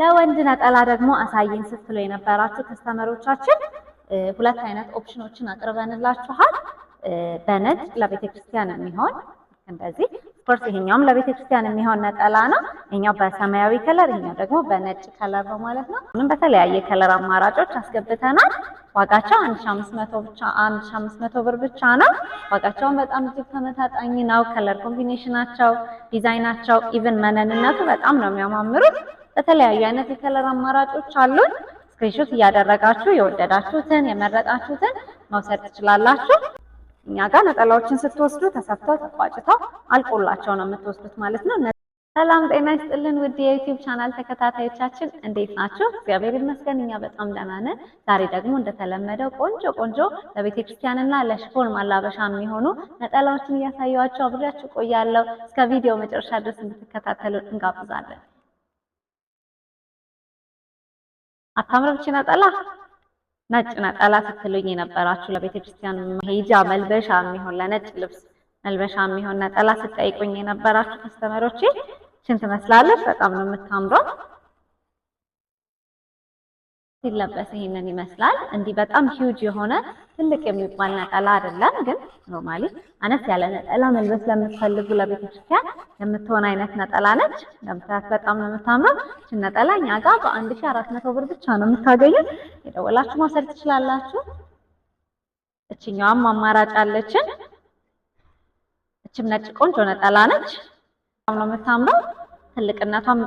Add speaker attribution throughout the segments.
Speaker 1: ለወንድ ነጠላ ደግሞ አሳየን ስትሉ የነበራችሁ ከስተመሮቻችን ሁለት አይነት ኦፕሽኖችን አቅርበንላችኋል። በነጭ ለቤተ ክርስቲያን የሚሆን እንደዚህ ኮርስ፣ ይሄኛውም ለቤተ ክርስቲያን የሚሆን ነጠላ ነው። ይሄኛው በሰማያዊ ከለር፣ ይሄኛው ደግሞ በነጭ ከለር ነው ማለት ነው። ምንም በተለያየ ከለር አማራጮች አስገብተናል። ዋጋቸው 1500 ብቻ 1500 ብር ብቻ ነው። ዋጋቸውን በጣም እጅግ ተመጣጣኝ ነው። ከለር ኮምቢኔሽናቸው፣ ዲዛይናቸው፣ ኢቭን መነንነቱ በጣም ነው የሚያማምሩት። በተለያዩ አይነት የከለር አማራጮች አሉን። ስክሪንሾት እያደረጋችሁ የወደዳችሁትን የመረጣችሁትን መውሰድ ትችላላችሁ። እኛ ጋር ነጠላዎችን ስትወስዱ ተሰፍተው ተቋጭተው አልቆላቸው ነው የምትወስዱት ማለት ነው። ሰላም ጤና ይስጥልን ውድ የዩቲዩብ ቻናል ተከታታዮቻችን እንዴት ናችሁ? እግዚአብሔር ይመስገን እኛ በጣም ደህና ነን። ዛሬ ደግሞ እንደተለመደው ቆንጆ ቆንጆ ለቤተ ክርስቲያንና ለሽፎን ማላበሻ የሚሆኑ ነጠላዎችን እያሳየኋቸው አብሬያችሁ ቆያለሁ። እስከ ቪዲዮ መጨረሻ ድረስ እንድትከታተሉ እንጋብዛለን። አታምረች ነጠላ ነጭ ነጠላ ስትሉኝ የነበራችሁ ለቤተ ክርስቲያን መሄጃ መልበሻ የሚሆን ለነጭ ልብስ መልበሻ የሚሆን ነጠላ ስጠይቁኝ የነበራችሁ ከስተመሮቼ ሽን ትመስላለች። በጣም ነው የምታምረው። ሲለበስ ይሄንን ይመስላል። እንዲህ በጣም ሂውጅ የሆነ ትልቅ የሚባል ነጠላ አይደለም፣ ግን ኖርማሊ አነስ ያለ ነጠላ መልበስ ለምትፈልጉ ለቤተክርስቲያን የምትሆን አይነት ነጠላ ነች። ለምታያት በጣም ነው የምታምረው። እችን ነጠላ እኛ ጋር በአንድ ሺህ አራት መቶ ብር ብቻ ነው የምታገኙት። የደወላችሁ መውሰድ ትችላላችሁ። እችኛዋም አማራጭ አለችን። እችም ነጭ ቆንጆ ነጠላ ነች። በጣም ነው የምታምረው ትልቅነቷም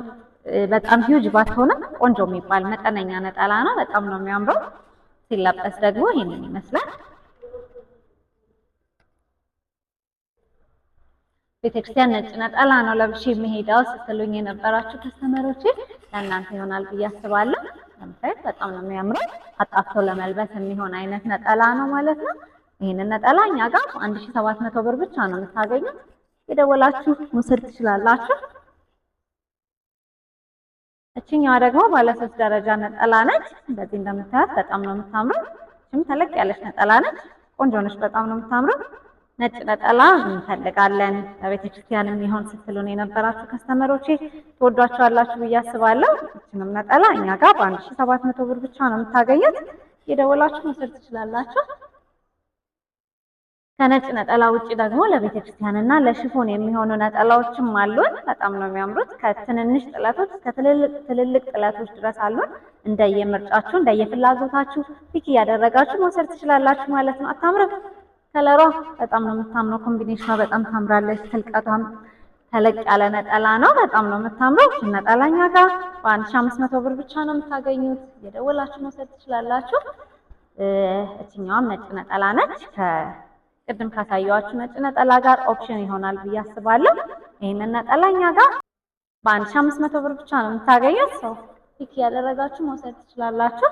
Speaker 1: በጣም ሂውጅ ባትሆንም ቆንጆ የሚባል መጠነኛ ነጠላ ነው። በጣም ነው የሚያምረው። ሲለበስ ደግሞ ይሄንን ይመስላል። ቤተክርስቲያን ነጭ ነጠላ ነው ለብሼ የሚሄደው ስትሉኝ የነበራችሁ ከስተመሮቼ ለእናንተ ይሆናል ብዬ አስባለሁ። ለምሳሌ በጣም ነው የሚያምረው። አጣፍቶ ለመልበስ የሚሆን አይነት ነጠላ ነው ማለት ነው። ይህንን ነጠላ እኛ ጋር 1700 ብር ብቻ ነው የምታገኙት። የደወላችሁ መውሰድ ትችላላችሁ። እችኛዋ ደግሞ ባለሶስት ደረጃ ነጠላ ነች። እንደዚህ እንደምታያት በጣም ነው የምታምረው። እችም ተለቅ ያለች ነጠላ ነች። ቆንጆ ነች። በጣም ነው የምታምረው። ነጭ ነጠላ እንፈልጋለን ለቤተክርስቲያን የሚሆን ስትሉን የነበራችሁ ከስተመሮቼ ትወዷቸዋላችሁ ብዬ አስባለሁ። እችንም ነጠላ እኛ ጋር በአንድ ሺ ሰባት መቶ ብር ብቻ ነው የምታገኙት። የደወላችሁ መውሰድ ትችላላችሁ። ከነጭ ነጠላ ውጭ ደግሞ ለቤተ ክርስቲያንና ለሽፎን የሚሆኑ ነጠላዎችም አሉን። በጣም ነው የሚያምሩት። ከትንንሽ ጥለቶች እስከ ትልልቅ ጥለቶች ድረስ አሉን። እንደየምርጫችሁ እንደየፍላጎታችሁ ፒክ እያደረጋችሁ መውሰድ ትችላላችሁ ማለት ነው። አታምርም? ከለሯ በጣም ነው የምታምረው። ኮምቢኔሽኗ በጣም ታምራለች። ትልቀቷም ተለቅ ያለ ነጠላ ነው። በጣም ነው የምታምረው። ነጠላኛ ጋር በአንድ ሺ አምስት መቶ ብር ብቻ ነው የምታገኙት። እየደወላችሁ መውሰድ ትችላላችሁ። እችኛዋም ነጭ ነጠላ ነች። ቅድም ካሳየዋችሁ ነጭ ነጠላ ጋር ኦፕሽን ይሆናል ብዬ አስባለሁ። ይህንን ነጠላኛ ጋር በአንድ ሺህ አምስት መቶ ብር ብቻ ነው የምታገኘው ሰው ፒክ ያደረጋችሁ መውሰድ ትችላላችሁ።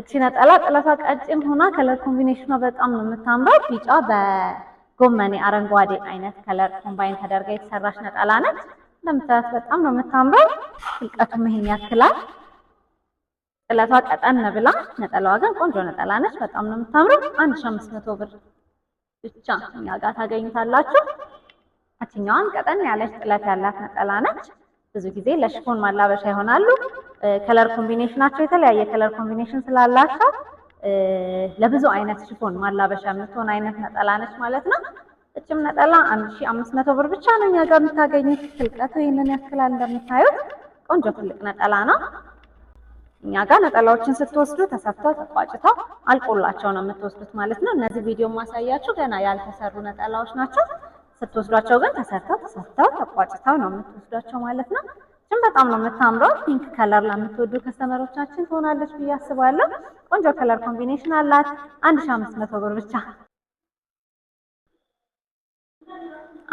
Speaker 1: እቺ ነጠላ ጥለቷ ቀጭን ሆና ከለር ኮምቢኔሽኗ በጣም ነው የምታምረው። ቢጫ በጎመኔ አረንጓዴ አይነት ከለር ኮምባይን ተደርጋ የተሰራች ነጠላ ነች። እንደምታያት በጣም ነው የምታምረው። ጥልቀቱም ይሄን ያክላል። ጥለቷ ቀጠን ብላ ነጠላዋ ግን ቆንጆ ነጠላ ነች። በጣም ነው የምታምረው። አንድ አምስት መቶ ብር ብቻ እኛ ጋር ታገኙታላችሁ። እችኛዋን ቀጠን ያለች ጥለት ያላት ነጠላ ነች። ብዙ ጊዜ ለሽፎን ማላበሻ ይሆናሉ። ከለር ኮምቢኔሽናቸው የተለያየ ከለር ኮምቢኔሽን ስላላቸው ለብዙ አይነት ሽፎን ማላበሻ የምትሆን አይነት ነጠላ ነች ማለት ነው። እችም ነጠላ 1500 ብር ብቻ ነው እኛ ጋር የምታገኙት። ትልቀቱ ይህንን ያክላል እንደምታዩት ቆንጆ ትልቅ ነጠላ ነው። እኛ ጋር ነጠላዎችን ስትወስዱ ተሰፍተው ተቋጭተው አልቆላቸው ነው የምትወስዱት ማለት ነው። እነዚህ ቪዲዮ ማሳያችሁ ገና ያልተሰሩ ነጠላዎች ናቸው። ስትወስዷቸው ግን ተሰርተው ተሰፍተው ተቋጭተው ነው የምትወስዷቸው ማለት ነው። ግን በጣም ነው የምታምረው። ፒንክ ከለር ለምትወዱ ከስተመሮቻችን ትሆናለች ብዬ አስባለሁ። ቆንጆ ከለር ኮምቢኔሽን አላት። አንድ ሺህ አምስት መቶ ብር ብቻ።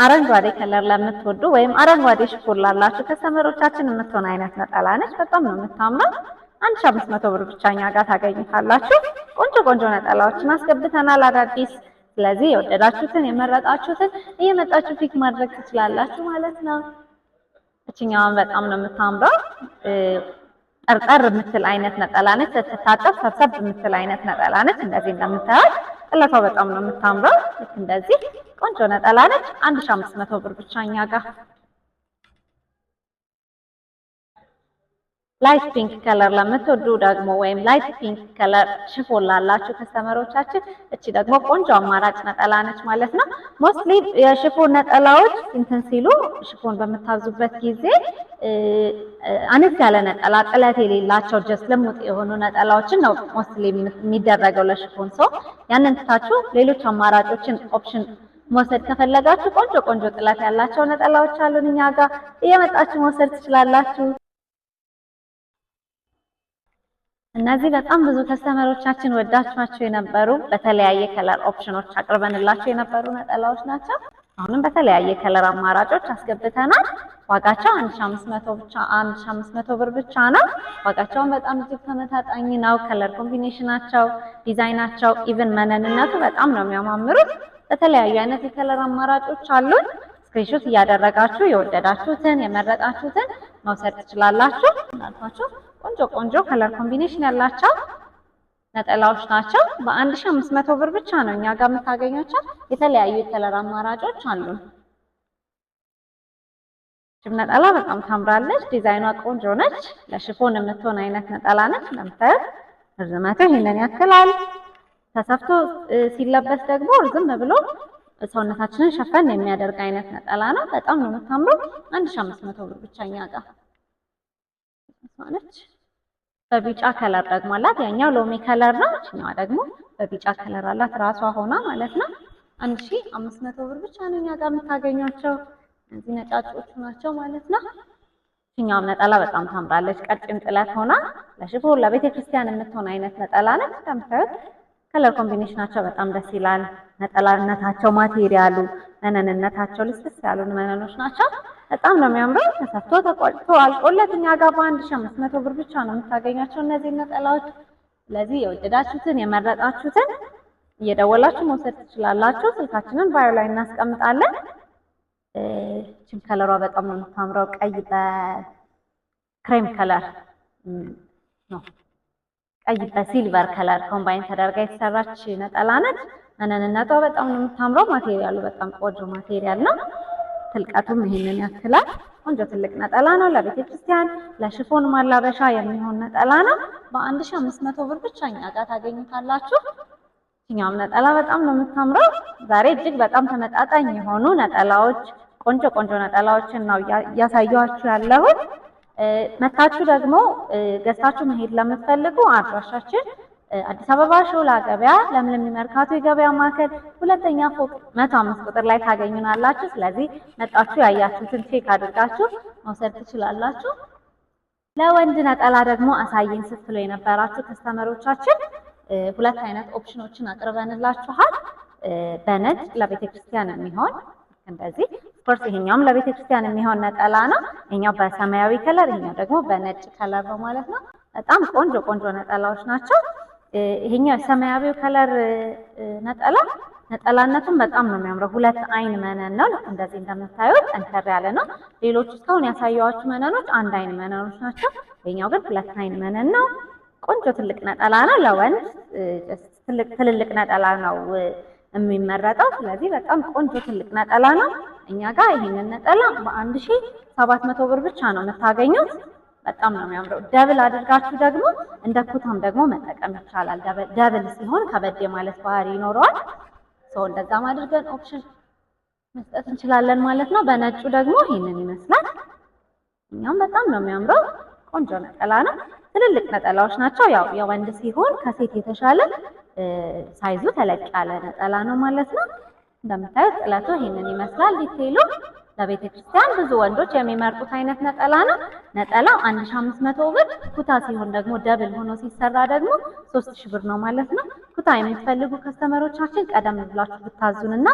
Speaker 1: አረንጓዴ ከለር ለምትወዱ ወይም አረንጓዴ ሽፖር ላላችሁ ከስተመሮቻችን የምትሆን አይነት ነጠላ ነች። በጣም ነው የምታምረው። አንድ አምስት መቶ ብር ብቻ እኛ ጋር ታገኙታላችሁ። ቆንጆ ቆንጆ ነጠላዎችን አስገብተናል አዳዲስ። ስለዚህ የወደዳችሁትን የመረጣችሁትን እየመጣችሁ ፊክ ማድረግ ትችላላችሁ ማለት ነው። እችኛዋን በጣም ነው የምታምረው። ጠርጠር የምትል አይነት ነጠላ ነች። ስትታጠፍ ሰብሰብ የምትል አይነት ነጠላ ነች። እንደዚህ እንደምታያት ጥለቷ በጣም ነው የምታምረው። ልክ እንደዚህ ቆንጆ ነጠላ ነች። አንድ አምስት መቶ ብር ብቻ እኛ ጋር ላይት ፒንክ ከለር ለምትወዱ ደግሞ ወይም ላይት ፒንክ ከለር ሽፎን ላላችሁ ከስተመሮቻችን እቺ ደግሞ ቆንጆ አማራጭ ነጠላ ነች ማለት ነው። ሞስትሊ የሽፎን ነጠላዎች እንትን ሲሉ ሽፎን በምታዙበት ጊዜ አነስ ያለ ነጠላ ጥለት የሌላቸው ጀስት ልሙጥ የሆኑ ነጠላዎችን ነው ሞስትሊ የሚደረገው ለሽፎን ሰው። ያንን ትታችሁ ሌሎች አማራጮችን ኦፕሽን መውሰድ ከፈለጋችሁ ቆንጆ ቆንጆ ጥለት ያላቸው ነጠላዎች አሉን እኛ ጋር እየመጣችሁ መውሰድ ትችላላችሁ። እነዚህ በጣም ብዙ ከስተመሮቻችን ወዳችኋቸው የነበሩ በተለያየ ከለር ኦፕሽኖች አቅርበንላቸው የነበሩ ነጠላዎች ናቸው። አሁንም በተለያየ ከለር አማራጮች አስገብተናል። ዋጋቸው 1500 ብቻ 1500 ብር ብቻ ነው። ዋጋቸውን በጣም እጅግ ተመጣጣኝ ነው። ከለር ኮምቢኔሽናቸው፣ ዲዛይናቸው፣ ኢቭን መነንነቱ በጣም ነው የሚያማምሩት። በተለያዩ አይነት የከለር አማራጮች አሉን። ስክሪንሾት እያደረጋችሁ የወደዳችሁትን የመረጣችሁትን መውሰድ ትችላላችሁ። ቆንጆ ቆንጆ ከለር ኮምቢኔሽን ያላቸው ነጠላዎች ናቸው። በ1500 ብር ብቻ ነው እኛ ጋር የምታገኛቸው። የተለያዩ የከለር አማራጮች አሉ። ሽም ነጠላ በጣም ታምራለች። ዲዛይኗ ቆንጆ ነች። ለሽፎን የምትሆን አይነት ነጠላ ነች። እንደምታዩት ርዝመቱ ይህንን ያክላል። ተሰፍቶ ሲለበስ ደግሞ ርዝም ብሎ ሰውነታችንን ሸፈን የሚያደርግ አይነት ነጠላ ነው። በጣም ነው የምታምረው። 1500 ብር ብቻ እኛ ጋር ነች። በቢጫ ከለር ደግሞ አላት። ያኛው ሎሚ ከለር ነው። እችኛዋ ደግሞ በቢጫ ከለር አላት ራሷ ሆና ማለት ነው። አንድ ሺ አምስት መቶ ብር ብቻ ነው እኛ ጋር የምታገኟቸው። እነዚህ ነጫጮቹ ናቸው ማለት ነው። እችኛዋም ነጠላ በጣም ታምራለች። ቀጭን ጥለት ሆና ለሽፎ ለቤተ ክርስቲያን የምትሆን አይነት ነጠላ ነች። እንደምታዩት ከለር ኮምቢኔሽናቸው በጣም ደስ ይላል። ነጠላነታቸው፣ ማቴሪያሉ፣ መነንነታቸው ልስልስ ያሉ መነኖች ናቸው። በጣም ነው የሚያምረው። ተሰፍቶ ተቆልቶ አልቆለት እኛ ጋር በአንድ ሺህ አምስት መቶ ብር ብቻ ነው የምታገኛቸው እነዚህ ነጠላዎች። ስለዚህ የወደዳችሁትን የመረጣችሁትን እየደወላችሁ መውሰድ ትችላላችሁ። ስልካችንን ባዮ ላይ እናስቀምጣለን። ቺም ከለሯ በጣም ነው የምታምረው። ቀይ በክሬም ከለር ነው ቀይ በሲልቨር ከለር ኮምባይን ተደርጋ የተሰራች ነጠላ ነች። መነንነቷ በጣም ነው የምታምረው። ማቴሪያሉ በጣም ቆጆ ማቴሪያል ነው። ትልቀቱም ይሄንን ያክላል። ቆንጆ ትልቅ ነጠላ ነው። ለቤተ ክርስቲያን ለሽፎን ማላበሻ የሚሆን ነጠላ ነው። በ1500 ብር ብቻ እኛ ጋር ታገኙታላችሁ። እኛም ነጠላ በጣም ነው የምታምረው። ዛሬ እጅግ በጣም ተመጣጣኝ የሆኑ ነጠላዎች፣ ቆንጆ ቆንጆ ነጠላዎችን ነው እያሳየኋችሁ ያለሁት። መታችሁ ደግሞ ገዝታችሁ መሄድ ለምትፈልጉ አድራሻችን አዲስ አበባ ሾላ ገበያ ለምለም መርካቶ የገበያ ማዕከል ሁለተኛ ፎቅ መቶ አምስት ቁጥር ላይ ታገኙናላችሁ። ስለዚህ መጣችሁ ያያችሁትን ቼክ አድርጋችሁ መውሰድ ትችላላችሁ። ለወንድ ነጠላ ደግሞ አሳይን ስትሉ የነበራችሁ ከስተመሮቻችን ሁለት አይነት ኦፕሽኖችን አቅርበንላችኋል። በነጭ ለቤተ ክርስቲያን የሚሆን እንደዚህ ኮርስ፣ ይሄኛውም ለቤተ ክርስቲያን የሚሆን ነጠላ ነው። ይሄኛው በሰማያዊ ከለር፣ ይሄኛው ደግሞ በነጭ ከለር ነው ማለት ነው። በጣም ቆንጆ ቆንጆ ነጠላዎች ናቸው። ይሄኛ ሰማያዊው ከለር ነጠላ ነጠላነቱን በጣም ነው የሚያምረው። ሁለት አይን መነን ነው። ልክ እንደዚህ እንደምታዩት ጠንከር ያለ ነው። ሌሎች እስካሁን ያሳየኋችሁ መነኖች አንድ አይን መነኖች ናቸው። ይሄኛው ግን ሁለት አይን መነን ነው። ቆንጆ ትልቅ ነጠላ ነው። ለወንድ ትልልቅ ነጠላ ነው የሚመረጠው። ስለዚህ በጣም ቆንጆ ትልቅ ነጠላ ነው። እኛ ጋር ይሄንን ነጠላ በአንድ ሺህ ሰባት መቶ ብር ብቻ ነው የምታገኙት። በጣም ነው የሚያምረው። ደብል አድርጋችሁ ደግሞ እንደ ኩታም ደግሞ መጠቀም ይቻላል። ደብል ሲሆን ከበድ ማለት ባህሪ ይኖረዋል። ሰው እንደዛም አድርገን ኦፕሽን መስጠት እንችላለን ማለት ነው። በነጩ ደግሞ ይሄንን ይመስላል። እኛም በጣም ነው የሚያምረው። ቆንጆ ነጠላ ነው። ትልልቅ ነጠላዎች ናቸው። ያው የወንድ ሲሆን ከሴት የተሻለ ሳይዙ ተለቅ ያለ ነጠላ ነው ማለት ነው። እንደምታዩት ጥለቱ ይሄንን ይመስላል ዲቴይሉ ለቤተ ክርስቲያን ብዙ ወንዶች የሚመርጡት አይነት ነጠላ ነው። ነጠላው 1500 ብር፣ ኩታ ሲሆን ደግሞ ደብል ሆኖ ሲሰራ ደግሞ 3000 ብር ነው ማለት ነው። ኩታ የምትፈልጉ ከስተመሮቻችን ቀደም ብላችሁ ብታዙንና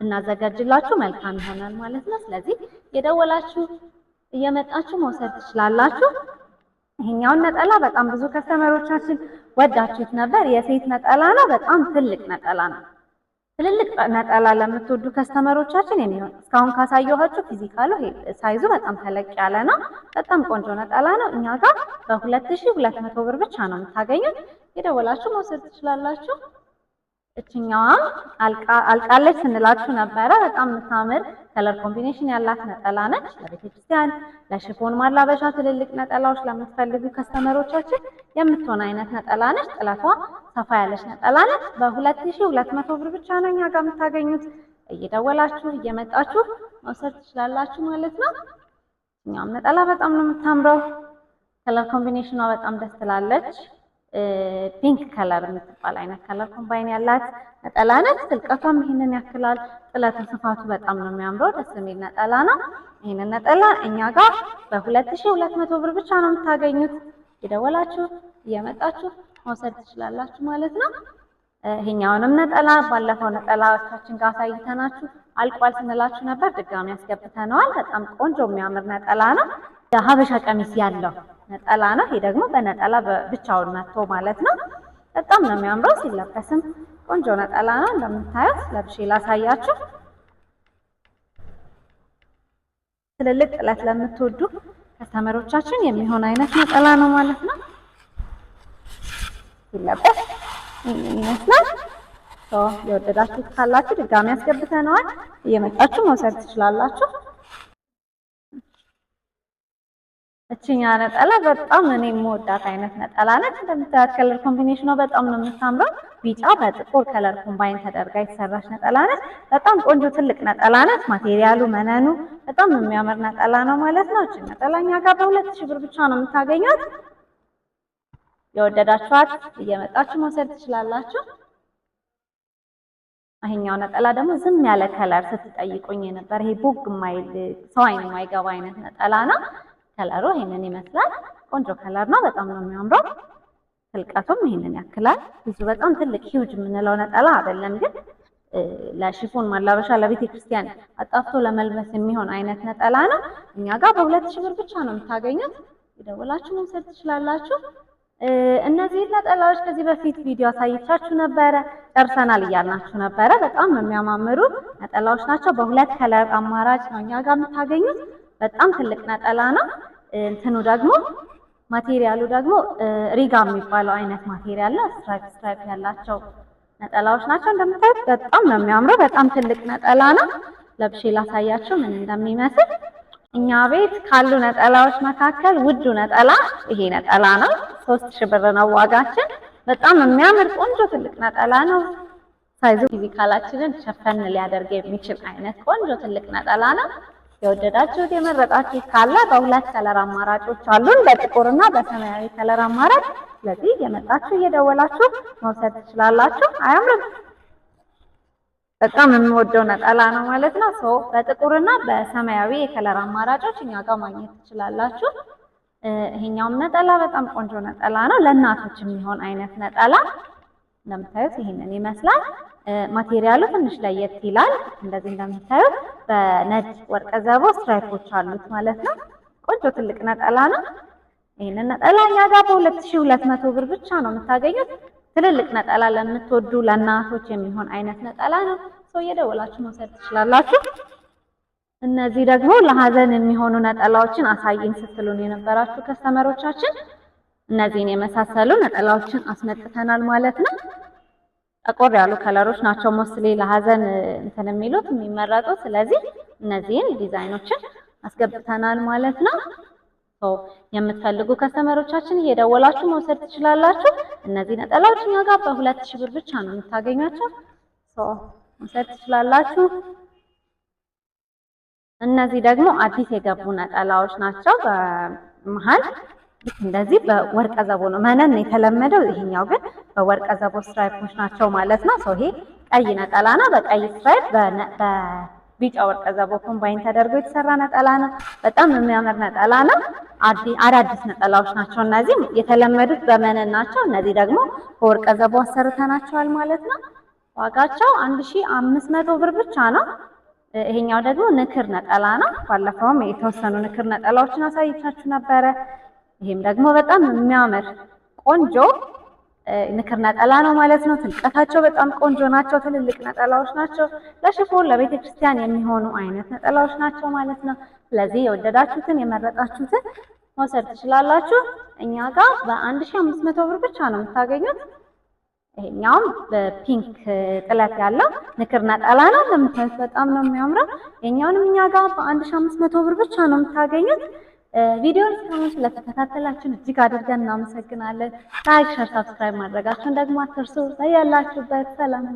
Speaker 1: ብናዘጋጅላችሁ መልካም ይሆናል ማለት ነው። ስለዚህ የደወላችሁ እየመጣችሁ መውሰድ ትችላላችሁ። ይሄኛውን ነጠላ በጣም ብዙ ከስተመሮቻችን ወዳችሁት ነበር። የሴት ነጠላ ነው። በጣም ትልቅ ነጠላ ነው። ትልልቅ ነጠላ ለምትወዱ ከስተመሮቻችን የሚሆን እስካሁን ካሳየኋችሁ ፊዚካሉ ሳይዙ በጣም ተለቅ ያለ ነው። በጣም ቆንጆ ነጠላ ነው። እኛ ጋር በ2200 ብር ብቻ ነው የምታገኙት። የደወላችሁ መውሰድ ትችላላችሁ። እችኛዋ አልቃለች ስንላችሁ ነበረ። በጣም የምታምር ከለር ኮምቢኔሽን ያላት ነጠላ ነች። ለቤተክርስቲያን፣ ለሽፎን ማላበሻ ትልልቅ ነጠላዎች ለምትፈልጉ ከስተመሮቻችን የምትሆን አይነት ነጠላ ነች። ጥለቷ ሰፋ ያለች ነጠላ ነች። በ2200 ብር ብቻ ነው እኛ ጋር የምታገኙት። እየደወላችሁ እየመጣችሁ መውሰድ ትችላላችሁ ማለት ነው። እኛም ነጠላ በጣም ነው የምታምረው። ከለር ኮምቢኔሽኗ በጣም ደስ ትላለች። ፒንክ ከለር የምትባል አይነት ከለር ኮምባይን ያላት ነጠላ ነች። ጥልቀቷም ይህንን ያክላል። ጥለቱ ስፋቱ በጣም ነው የሚያምረው። ደስ የሚል ነጠላ ነው። ይህንን ነጠላ እኛ ጋር በ 2200 ብር ብቻ ነው የምታገኙት። የደወላችሁ እየመጣችሁ መውሰድ ትችላላችሁ ማለት ነው። ይሄኛውንም ነጠላ ባለፈው ነጠላዎቻችን ጋር አሳይተናችሁ አልቋል ስንላችሁ ነበር። ድጋሚ ያስገብተነዋል። በጣም ቆንጆ የሚያምር ነጠላ ነው። የሀበሻ ቀሚስ ያለው ነጠላ ነው። ይሄ ደግሞ በነጠላ ብቻውን መጥቶ ማለት ነው። በጣም ነው የሚያምረው። ሲለበስም ቆንጆ ነጠላ ነው። እንደምታዩት ለብሼ ላሳያችሁ። ትልልቅ ጥለት ለምትወዱ ከስተመሮቻችን የሚሆን አይነት ነጠላ ነው ማለት ነው። ሲለበስ ይመስላል። የወደዳችሁት ካላችሁ ድጋሚ ያስገብተነዋል። እየመጣችሁ መውሰድ ትችላላችሁ። እችኛ ነጠላ በጣም እኔ የምወዳት አይነት ነጠላ ነች። እንደምታያት ከለር ኮምቢኔሽኗ በጣም ነው የምታምረው። ቢጫ በጥቁር ከለር ኮምባይን ተደርጋ የተሰራች ነጠላ ነች። በጣም ቆንጆ ትልቅ ነጠላ ነች። ማቴሪያሉ መነኑ በጣም የሚያምር ነጠላ ነው ማለት ነው። እችን ነጠላ እኛ ጋር በሁለት ሺህ ብር ብቻ ነው የምታገኛት። የወደዳችኋት እየመጣችሁ መውሰድ ትችላላችሁ። ይሄኛው ነጠላ ደግሞ ዝም ያለ ከለር ስትጠይቁኝ ነበር። ይሄ ቦግ የማይል ሰው አይን የማይገባ አይነት ነጠላ ነው። ከለሩ ይሄንን ይመስላል። ቆንጆ ከለር ነው። በጣም ነው የሚያምረው። ትልቀቱም ይሄንን ያክላል። ብዙ በጣም ትልቅ ሂውጅ የምንለው ነጠላ አይደለም፣ ግን ለሽፎን ማላበሻ ለቤተ ክርስቲያን አጣፍቶ ለመልበስ የሚሆን አይነት ነጠላ ነው። እኛ ጋር በሁለት ሺህ ብር ብቻ ነው የምታገኙት። ይደውላችሁ መውሰድ ትችላላችሁ። እነዚህ ነጠላዎች ከዚህ በፊት ቪዲዮ አሳይቻችሁ ነበረ፣ ጨርሰናል እያልናችሁ ነበረ። በጣም የሚያማምሩ ነጠላዎች ናቸው። በሁለት ከለር አማራጭ ነው እኛ ጋር የምታገኙት። በጣም ትልቅ ነጠላ ነው። እንትኑ ደግሞ ማቴሪያሉ ደግሞ ሪጋ የሚባለው አይነት ማቴሪያል ነው። ስትራይፕ ስትራይፕ ያላቸው ነጠላዎች ናቸው። እንደምታዩት በጣም ነው የሚያምረው። በጣም ትልቅ ነጠላ ነው። ለብሼ ላሳያችሁ ምን እንደሚመስል። እኛ ቤት ካሉ ነጠላዎች መካከል ውዱ ነጠላ ይሄ ነጠላ ነው። ሶስት ሺህ ብር ነው ዋጋችን። በጣም የሚያምር ቆንጆ ትልቅ ነጠላ ነው። ሳይዙ ቲቪካላችንን ሸፈን ሊያደርግ የሚችል አይነት ቆንጆ ትልቅ ነጠላ ነው። የወደዳችሁት የመረጣችሁት ካለ በሁለት ከለር አማራጮች አሉን፣ በጥቁርና በሰማያዊ ከለር አማራጭ። ስለዚህ የመጣችሁ እየደወላችሁ መውሰድ ትችላላችሁ። አያምርም? በጣም የምወደው ነጠላ ነው ማለት ነው። ሶ በጥቁርና በሰማያዊ የከለር አማራጮች እኛ ጋር ማግኘት ትችላላችሁ። ይሄኛውም ነጠላ በጣም ቆንጆ ነጠላ ነው። ለእናቶች የሚሆን አይነት ነጠላ እንደምታዩት ይሄንን ይመስላል። ማቴሪያሉ ትንሽ ለየት ይላል። እንደዚህ እንደምታዩት በነጭ ወርቀ ዘቦ ስትራይፖች አሉት ማለት ነው። ቆንጆ ትልቅ ነጠላ ነው። ይህንን ነጠላ እኛ ጋር በሁለት ሺህ ሁለት መቶ ብር ብቻ ነው የምታገኙት። ትልልቅ ነጠላ ለምትወዱ ለእናቶች የሚሆን አይነት ነጠላ ነው። ሰው እየደወላችሁ መውሰድ ትችላላችሁ። እነዚህ ደግሞ ለሀዘን የሚሆኑ ነጠላዎችን አሳይን ስትሉን የነበራችሁ ከስተመሮቻችን እነዚህን የመሳሰሉ ነጠላዎችን አስመጥተናል ማለት ነው። ጠቆር ያሉ ከለሮች ናቸው ሞስሊ ለሀዘን እንትን የሚሉት የሚመረጡ። ስለዚህ እነዚህን ዲዛይኖችን አስገብተናል ማለት ነው። የምትፈልጉ ከስተመሮቻችን እየደወላችሁ መውሰድ ትችላላችሁ። እነዚህ ነጠላዎች እኛ ጋር በሁለት ሺህ ብር ብቻ ነው የምታገኟቸው። መውሰድ ትችላላችሁ። እነዚህ ደግሞ አዲስ የገቡ ነጠላዎች ናቸው። በመሀል እንደዚህ በወርቀ ዘቦ ነው መነን የተለመደው። ይሄኛው ግን በወርቀ ዘቦ ስትራይፖች ናቸው ማለት ነው። ሰው ይሄ ቀይ ነጠላ ነው። በቀይ ስትራይፕ በቢጫ ወርቀ ዘቦ ኮምባይን ተደርጎ የተሰራ ነጠላ ነው። በጣም የሚያምር ነጠላ ነው። አዳዲስ ነጠላዎች ናቸው እነዚህ። የተለመዱት በመነን ናቸው። እነዚህ ደግሞ በወርቀ ዘቦ አሰርተናቸዋል ማለት ነው። ዋጋቸው 1500 ብር ብቻ ነው። ይሄኛው ደግሞ ንክር ነጠላ ነው። ባለፈውም የተወሰኑ ንክር ነጠላዎችን አሳይቻችሁ ነበረ። ይሄም ደግሞ በጣም የሚያምር ቆንጆ ንክር ነጠላ ነው ማለት ነው። ትልቀታቸው በጣም ቆንጆ ናቸው። ትልልቅ ነጠላዎች ናቸው። ለሽፎን ለቤተ ክርስቲያን የሚሆኑ አይነት ነጠላዎች ናቸው ማለት ነው። ስለዚህ የወደዳችሁትን የመረጣችሁትን መውሰድ ትችላላችሁ። እኛ ጋር በ1500 ብር ብቻ ነው የምታገኙት። ይሄኛውም በፒንክ ጥለት ያለው ንክር ነጠላ ነው። ለምታዩት በጣም ነው የሚያምረው። ይሄኛውንም እኛ ጋር በ1500 ብር ብቻ ነው የምታገኙት። ቪዲዮን እስካሁን ስለተከታተላችሁ እጅግ አድርገን እናመሰግናለን። ላይክ፣ ሸር፣ ሰብስክራይብ ማድረጋችሁን ደግሞ አትርሱ። ያላችሁበት ሰላም